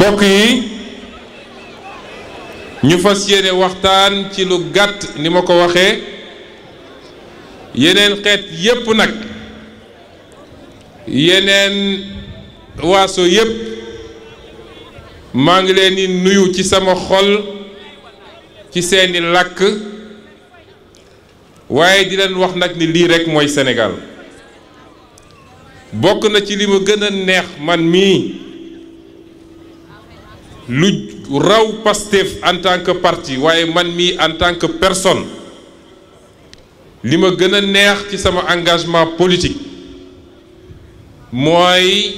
mbokk yi ñu fas yéene waxtaan ci lu gàtt ni ma ko waxee yeneen xeet yépp nag yeneen waaso yépp maa ngi leen di nuyu ci sama xol ci seeni làkk waaye di leen wax nag ni lii rekk mooy Sénégal bokk na ci li mu gën a neex man mii lu raw Pastef en tant que parti waaye man mii en tant que personne li ma gën a neex ci sama engagement politique mooy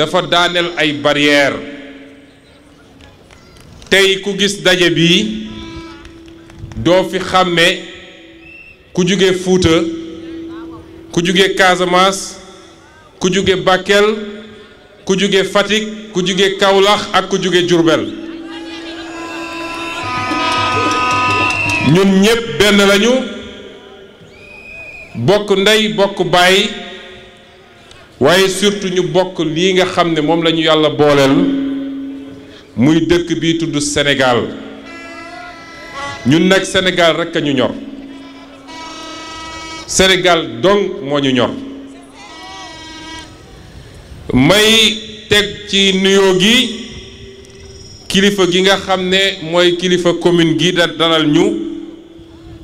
dafa daaneel ay barrières tey ku gis daje bi doo fi xàmmee ku jóge Fuuta ku jóge Casamance ku jóge Bakel ku jóge Fatick ku jóge kawlax ak ku jóge Diourbel ñun ñépp benn lañu bokk ndey bokk baay waaye surtout ñu bokk lii nga xam ne moom lañu yàlla booleel muy dëkk bi tudd Sénégal ñun nag senegal rekk a ñu ñor senegal don moo ñu ñor may teg ci nuyoo gi kilifa gi nga xam ne mooy kilifa commune gi da dalal ñu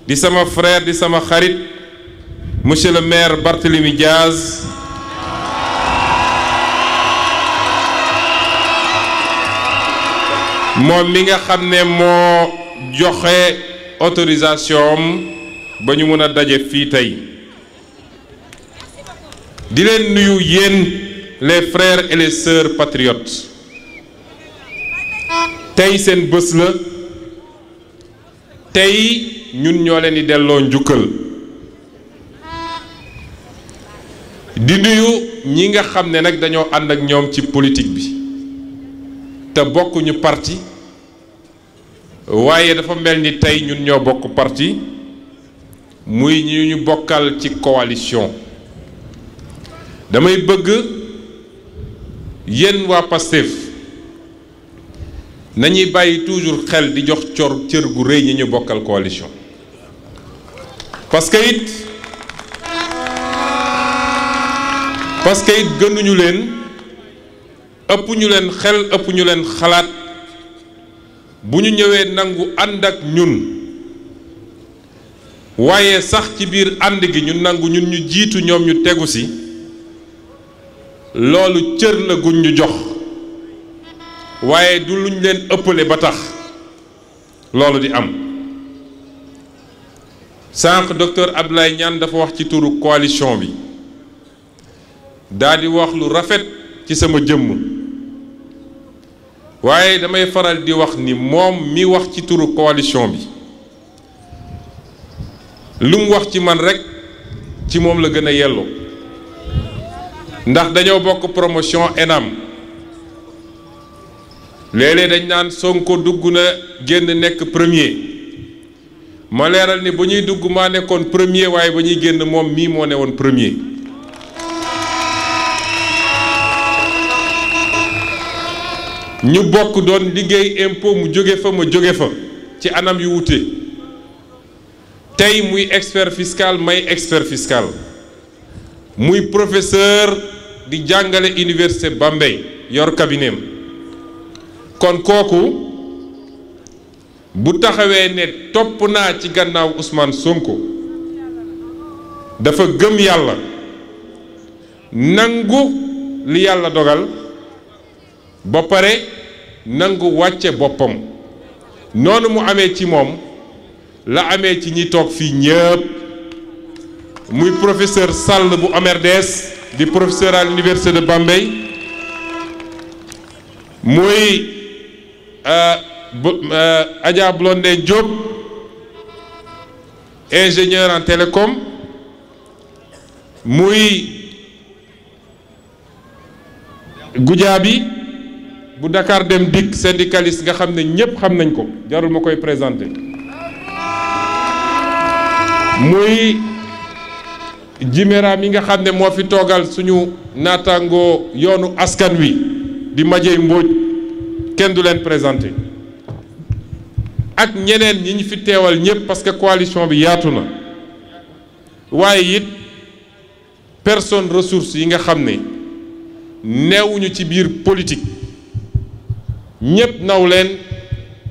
di sama frère di sama xarit monsieur le maire Barthélémy Diaz moom mi nga xam ne moo joxe autorisation ba ñu mën a daje fii tey di leen nuyu yéen les frères et les sœurs patriotes tey seen bés la tey ñun ñoo leen di delloo njukkal di nuyu ñi nga xam ne nag dañoo ànd ak ñoom ci politique bi te bokkuñu parti waaye dafa mel ni tey ñun ñoo bokk parti muy ñi ñu bokkal ci coalition damay bëgg yéen waa Pastef nañuy bàyyi toujours xel di jox cor cër gu rëy ñi ñu bokkal coalition parce que it que it gënuñu leen ëpp ñu leen xel ëpp ñu leen xalaat bu ñu ñëwee nangu ànd ak ñun waaye sax ci biir ànd gi ñu nangu ñun ñu jiitu ñoom ñu tegu si loolu cër la guñ ñu jox waaye du luñ leen ëppale ba tax loolu di am sànq docteur Abdoulaye ñaan dafa wax ci turu coalition bi daldi wax lu rafet ci sama jëmm waaye damay faral di wax ni moom mi wax ci turu coalition bi lu mu wax ci man rekk ci moom la gën a yelloo ndax dañoo bokk promotion ENAM léeg-léeg dañ naan Sonko dugg na génn nekk premier ma leeral ni ba ñuy dugg maa nekkoon premier waaye ba ñuy génn moom mii moo ne woon premier ñu bokk doon liggéey impôt mu jóge fa ma jóge fa ci anam yu wute tey muy expert fiscal may expert fiscal muy professeur di jàngale ba Bambey yor cabinet kon kooku bu taxawee ne topp naa ci gannaaw usmaan Sonko dafa gëm yàlla nangu li yàlla dogal ba pare nangu wàcce boppam noonu mu amee ci moom la amee ci ñi toog fii ñëpp muy professeur Sall bu MRDS di professeur à l'université de Bambey muy euh, euh, Adja Blondin Diop ingénieur en télécom muy Goudiaby bu Dakar Dem Dikk syndicaliste nga xam ne ñépp xam nañ ko jarul ma koy présenter muy Jiméra mi nga xam ne moo fi toogal suñu naataangoo yoonu askan wi di Madieye Mbodj kenn du leen présenté ak ñeneen ñi ñu fi teewal ñëpp parce que coalition bi yaatu na waaye it personne ressource yi nga xam ne neewuñu ci biir politique ñëpp naw leen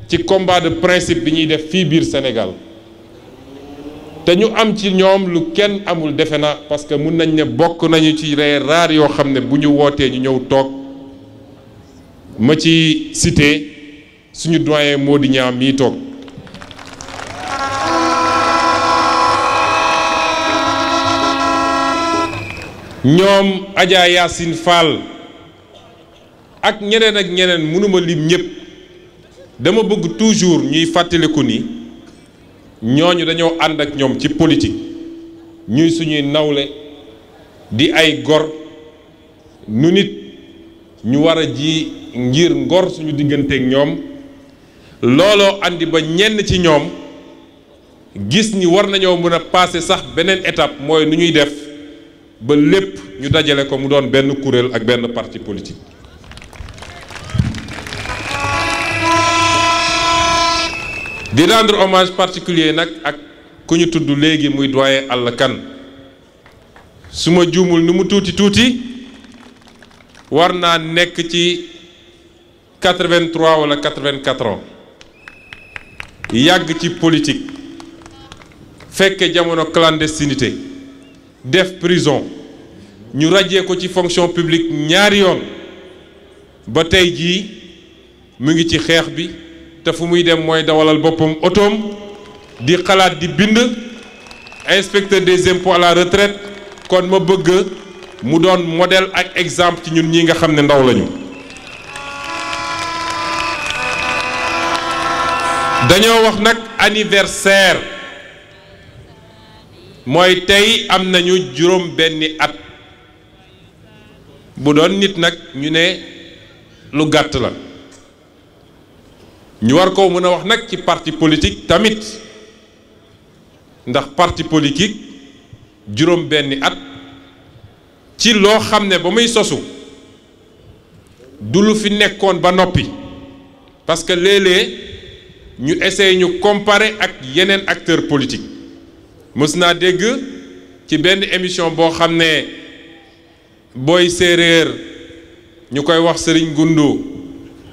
ci combat de principe bi ñuy def fii biir Sénégal te ñu am ci ñoom lu kenn amul defe na parce que mun nañ ne bokk nañu ci les rares yoo xam ne bu ñu wootee ñu ñëw toog ma ci cité suñu doyen Mody Niang mii toog ñoom Adja Yacine Fall ak ñeneen ak ñeneen mënuma lim ñëpp dama bëgg toujours ñuy fàttaliku ni ñooñu dañoo ànd ak ñoom ci politique ñuy suñuy nawle di ay gor nu nit ñu war a ji ngir ngor suñu digganteeg ñoom looloo andi ba ñenn ci ñoom gis ni war nañoo mën a passer sax beneen étape mooy nu ñuy def ba lépp ñu dajale ko mu doon benn kuréel ak benn parti politique di rendre hommage particulier nag ak ku ñu tudd léegi muy doyen Alla Kane su ma juumul nu mu tuuti tuuti war naa nekk ci 83 wala 84 yàgg ci politique fekke jamono clandestinité def prison ñu rajee ko ci fonction publique ñaari yoon ba tey jii mu ngi ci xeex bi te fu muy dem mooy dawalal boppam otoom di xalaat di bind inspecteur des impôts à la retraite kon ma bëgg mu doon modèle ak exemple ci ñun ñi nga xam ne ndaw lañu dañoo wax nag anniversaire mooy tey am nañu juróom benni at bu doon nit nag ñu ne lu gàtt la ñu war koo mën a wax nag ci parti politique tamit ndax parti politique juróom benni at ci loo xam ne ba muy sosu du lu fi nekkoon ba noppi parce que léeg ñu essaye ñu comparer ak yeneen acteur politique mës naa dégg ci benn émission boo xam ne booy séeréer ñu koy wax sëriñ Gundu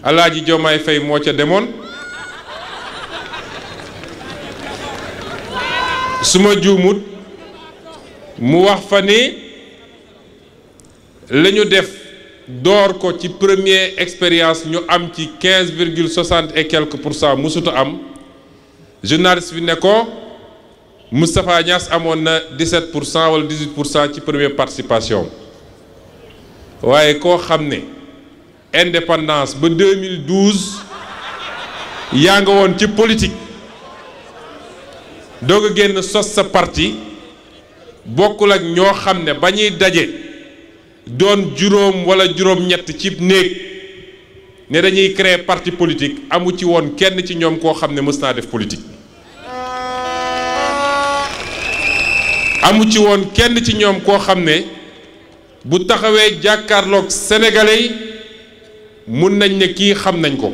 alaaji Diomaye fay moo ca demoon suma juumut mu wax fa ni la ñu def door ko ci premier expérience ñu am ci quinze virgule soixante et pour cent musuta am journaliste bi ne ko Moustapha Niass amoon na 17 pour cent wala pour cent ci première participation waaye koo xam ne indépendance ba 2012 yaa nga woon ci politique doog génn sos sa parti bokkul ak ñoo xam ne ba ñuy daje doon juróom wala juróom-ñett ci néeg ne dañuy créer parti politique amu ci woon kenn ci ñoom koo xam ne mës naa def politique amu ci woon kenn ci ñoom koo xam ne bu taxawee jàkkaarloog sénégalais mun nañ ne kii xam nañ ko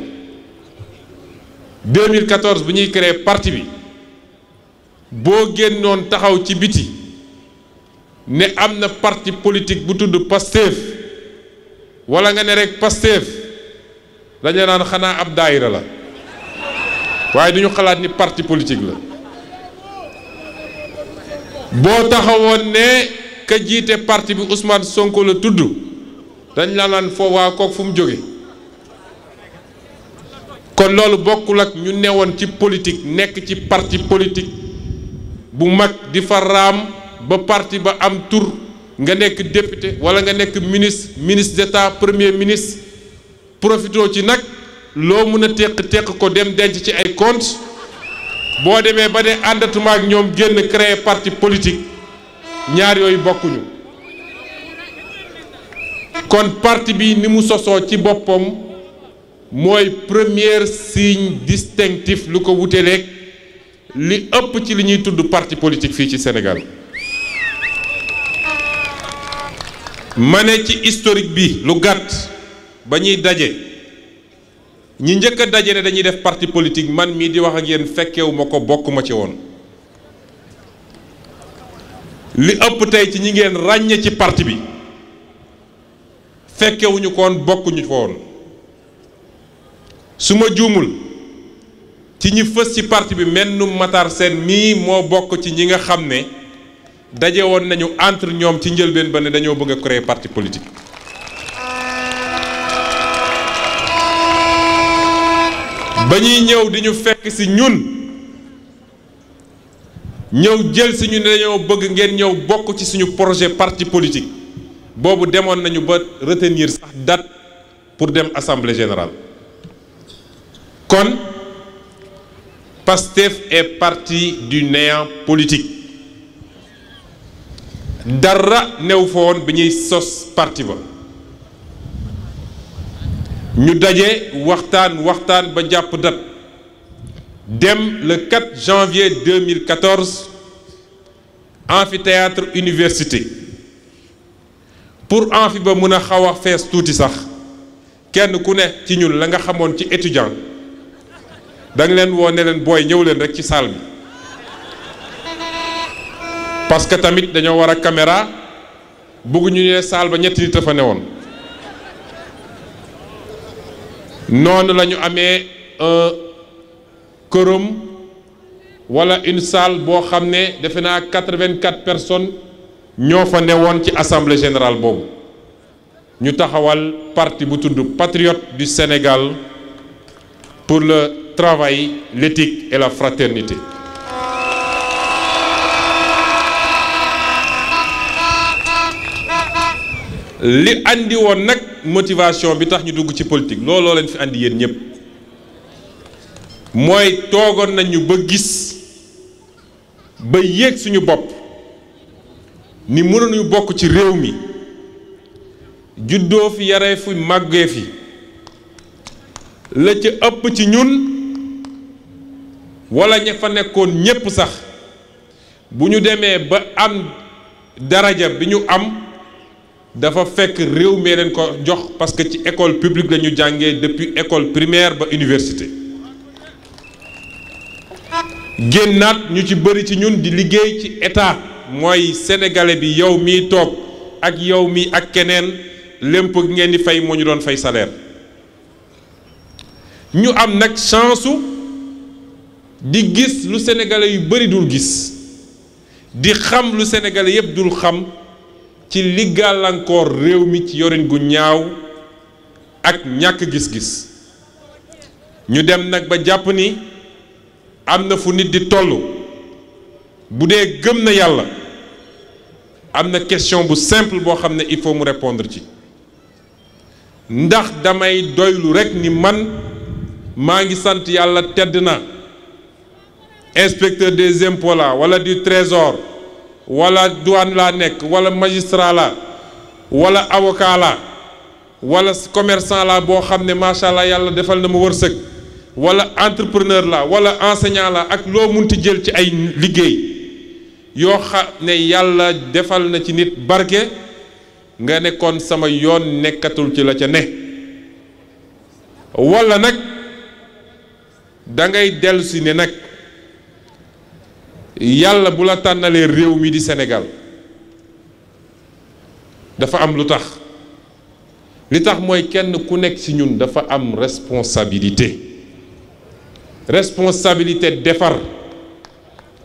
2014 bu ñuy créer parti bi boo génnoon taxaw ci biti ne am na parti politik bu tudd Pastef wala nga ne rek Pastef dañu naan xanaa ab daayira la waaye duñu xalaat ni parti politique la boo taxawoon ne ka jiite parti bi Ousmane Sonko la tudd dañ la naan foo kook fu mu jóge kon loolu bokkul ak ñu newoon ci politique nekk ci parti politique bu mag di fa raam ba parti ba am tur nga nekk député wala nga nekk ministre ministre d'État premier ministre profitoo ci nag loo mën a teq-teq ko dem denc ci ay compte boo demee ba ne àndatuma ak ñoom génn créer parti politique ñaar yooyu bokkuñu kon parti bi ni mu sosoo ci boppam mooy premier signe distinctif lu ko wuteleeg li ëpp ci li ñuy tudd parti politique fii ci senegal ma ne ci historique bi lu gàtt ba ñuy daje ñi njëkk a daje ne dañuy def parti politique man mii di wax a ngeen fekkewu ko bokkuma ci woon li ëpp tey ci ñi ngeen ràññee ci parti bi fekkewuñu ko woon bokkuñu ko su ma juumul ci ñi fës ci parti bi mennum Matar Sène mii moo bokk ci ñi nga xam ne daje woon nañu entre ñoom ci njëlbeen ba ne dañoo bëgg a créer parti politique. ba ñuy ñëw di ñu fekk si ñun ñëw jël si ñu ne dañoo bëgg ngeen ñëw bokk ci suñu projet parti politique boobu demoon nañu ba retenir sax date pour dem assemblée général kon Pastef est parti du néant politique dara new fa woon bi ñuy sos parti ba ñu daje waxtaan waxtaan ba jàpp dat dem le 4 janvier 2014 amphithéâtre université pour amphi ba mën a xaw a fees tuuti sax kenn ku ne ci ñun la nga xamoon ci étudiant da leen woo ne leen booy ñëw leen rek ci salle bi parce que tamit dañoo war a caméra bugg ñu ne salle ba ñetti nit a fa newoon noonu la amee un euh, këram wala une salle boo xam ne defe naa quatre-vingt-quatre personnes ñoo fa woon ci assemblée générale boobu ñu taxawal parti bu tudd patriote du Sénégal pour le travail, l'éthique et la fraternité. li andi woon nag motivation bi tax ñu dugg ci politik looloo leen fi andi yéen ñëpp mooy toogoon nañu ba gis ba yéeg suñu bopp ni mënuñu bokk ci réew mi juddoo fi yaree fi màggee fi la ca ëpp ci ñun wala ña fa nekkoon ñépp sax bu ñu demee ba am daraja bi ñu am dafa fekk réew mee ko jox parce que ci école publique la ñu jàngee depuis école primaire ba université génnaat ñu ci bëri ci ñun di liggéey ci état mooy sénégalais bi yow mii toog ak yow mii ak keneen lépp ngeen di fay moo ñu doon fay salaire ñu am nag chance di gis lu sénégalais yu bëri dul gis di xam lu sénégalais yépp dul xam ci li gàllankoor réew mi ci yorin gu ñaaw ak ñàkk gis-gis ñu dem nag ba jàpp ni am na fu nit di tollu bu dee gëm na yàlla am na question bu semple boo xam ne il faut mu répondre ci ndax damay doylu rekk ni man maa ngi sant yàlla tedd na inspecteur des impôts la wala du trésor wala douane la nekk wala magistrat la wala avocat la wala commerçant la boo xam ne macha allah yàlla defal na ma wërsëg wala entrepreneur la wala enseignant la ak loo munti jël ci ay liggéey yoo xam ne yàlla defal na ci nit barke nga nekkoon sama yoon nekkatul ci la ca ne wala nag da ngay dellu si ne nag. yàlla bu la tànnalee réew mi di Sénégal dafa am lu tax li tax mooy kenn ku nekk ci ñun dafa am responsabilité responsabilité defar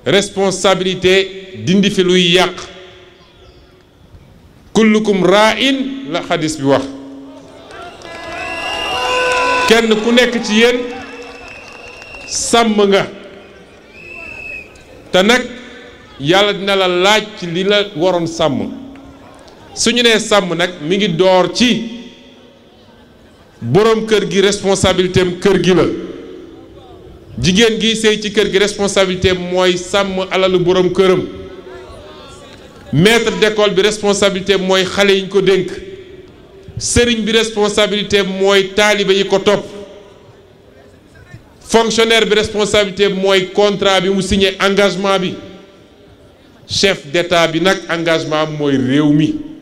responsabilité dindi fi luy yàq kullukum ra'in la xadis bi wax kenn ku nekk ci yéen sàmm nga te nag yàlla dina la laaj ci li la waroon sàmm su ñu nee sàmm nag mi ngi door ci boroom kër gi responsabilité kër gi la jigéen gi sëy ci kër gi responsabilité mooy sàmm alalu boroom këram maître d'école bi responsabilité mooy xale yi ñu ko dénk sëriñ bi responsabilité mooy taalibe yi ko topp fonctionnaire bi responsabilité bi mooy contrat bi mu signee engagement bi chef d'état bi nag engagement mooy réew mi